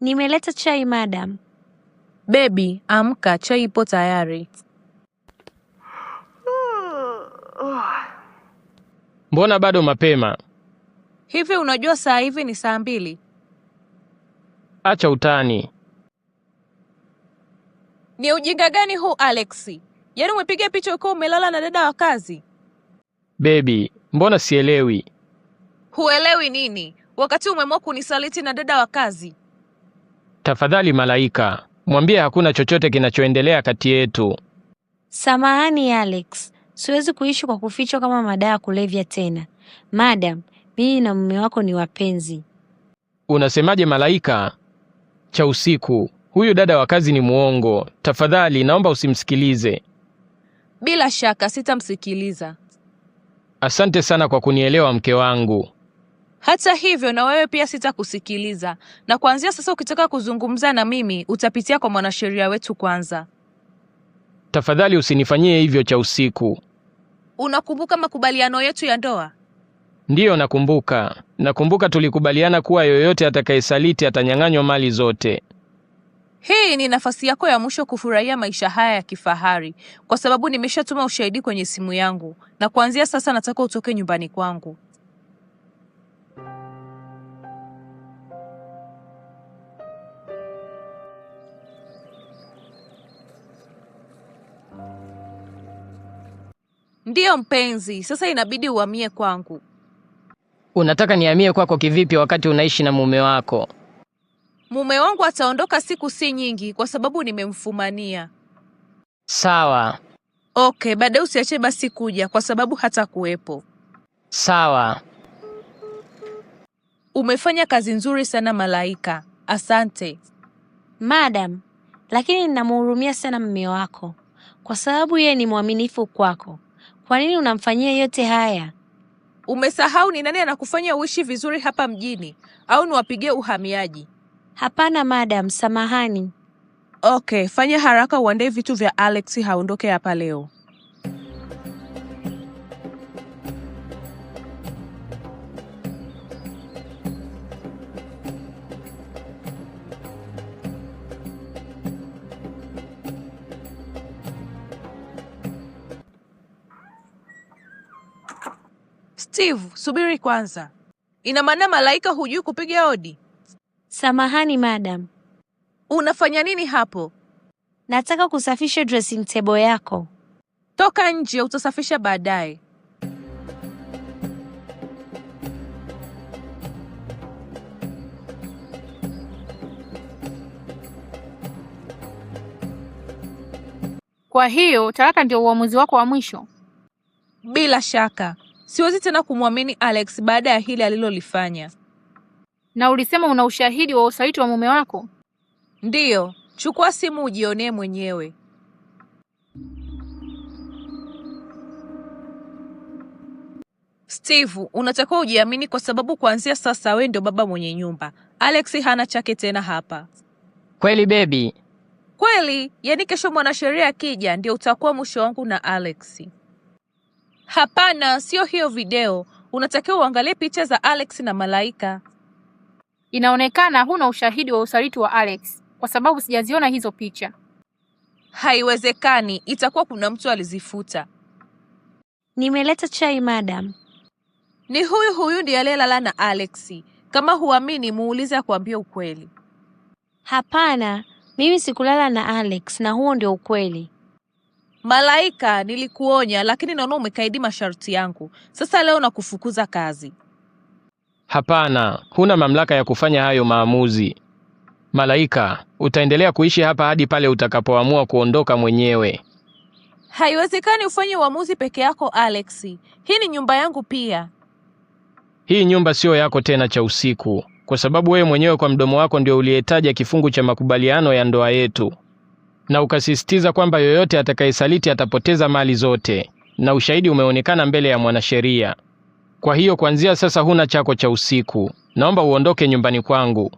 Nimeleta chai madam. Bebi, amka, chai ipo tayari. Mbona bado mapema hivi? Unajua saa hivi ni saa mbili. Acha utani. Ni ujinga gani huu Alexi? Yaani umepiga picha ukiwa umelala na dada wa kazi? Bebi, mbona sielewi? Huelewi nini? Wakati umeamua kunisaliti na dada wa kazi. Tafadhali Malaika, mwambie hakuna chochote kinachoendelea kati yetu. Samahani Alex, siwezi kuishi kwa kufichwa kama madawa ya kulevya tena. Madam, mimi na mume wako ni wapenzi. Unasemaje Malaika? Cha usiku, huyu dada wa kazi ni muongo. Tafadhali naomba usimsikilize. Bila shaka sitamsikiliza. Asante sana kwa kunielewa mke wangu. Hata hivyo na wewe pia sitakusikiliza, na kuanzia sasa ukitaka kuzungumza na mimi utapitia kwa mwanasheria wetu kwanza. Tafadhali usinifanyie hivyo cha usiku. Unakumbuka makubaliano yetu ya ndoa? Ndiyo, nakumbuka. Nakumbuka tulikubaliana kuwa yoyote atakayesaliti atanyang'anywa mali zote. Hii ni nafasi yako ya mwisho kufurahia maisha haya ya kifahari, kwa sababu nimeshatuma ushahidi kwenye simu yangu, na kuanzia sasa nataka utoke nyumbani kwangu. Ndiyo mpenzi, sasa inabidi uhamie kwangu. Unataka nihamie kwako kivipi, wakati unaishi na mume wako? Mume wangu ataondoka siku si nyingi, kwa sababu nimemfumania. Sawa. Okay, baadaye usiache basi kuja, kwa sababu hata kuwepo. Sawa. Umefanya kazi nzuri sana Malaika, asante madam, lakini ninamhurumia sana mume wako kwa sababu yeye ni mwaminifu kwako. Kwa nini unamfanyia yote haya? Umesahau ni nani anakufanya uishi vizuri hapa mjini, au niwapigie uhamiaji? Hapana madam, samahani. Okay, fanya haraka uandae vitu vya Alex, haondoke hapa leo. Steve, subiri kwanza. Ina maana Malaika hujui kupiga hodi? Samahani madam. Unafanya nini hapo? Nataka kusafisha dressing table yako. Toka nje, utasafisha baadaye. Kwa hiyo, talaka ndio uamuzi wako wa mwisho? Bila shaka. Siwezi tena kumwamini Alex baada ya hili alilolifanya. Na ulisema una ushahidi wa usaliti wa mume wako? Ndiyo, chukua simu ujionee mwenyewe. Steve, unatakiwa ujiamini kwa sababu kuanzia sasa wewe ndio baba mwenye nyumba. Alex hana chake tena hapa. Kweli baby? Kweli, yaani kesho mwanasheria akija ndio utakuwa mwisho wangu na Alex. Hapana, sio hiyo video. Unatakiwa uangalie picha za Alex na Malaika. Inaonekana huna ushahidi wa usaliti wa Alex kwa sababu sijaziona hizo picha. Haiwezekani, itakuwa kuna mtu alizifuta. Nimeleta chai madam. Ni huyu huyu ndiye aliyelala na Alexi. Kama huamini, muulize akuambie ukweli. Hapana, mimi sikulala na Alex na huo ndio ukweli. Malaika, nilikuonya lakini naona umekaidi masharti yangu. Sasa leo nakufukuza kazi. Hapana, huna mamlaka ya kufanya hayo maamuzi. Malaika, utaendelea kuishi hapa hadi pale utakapoamua kuondoka mwenyewe. Haiwezekani ufanye uamuzi peke yako, Alex. Hii ni nyumba yangu pia. Hii nyumba siyo yako tena, cha usiku, kwa sababu wewe mwenyewe kwa mdomo wako ndio uliyetaja kifungu cha makubaliano ya ndoa yetu na ukasisitiza kwamba yoyote atakayesaliti atapoteza mali zote, na ushahidi umeonekana mbele ya mwanasheria. Kwa hiyo kuanzia sasa huna chako cha usiku, naomba uondoke nyumbani kwangu.